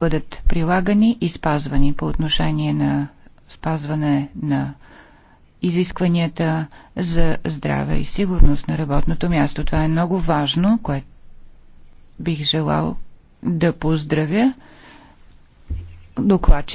бъдат прилагани и спазвани по отношение на спазване на изискванията за здраве и сигурност на работното място. Това е много важно, което бих желал да поздравя докладчици.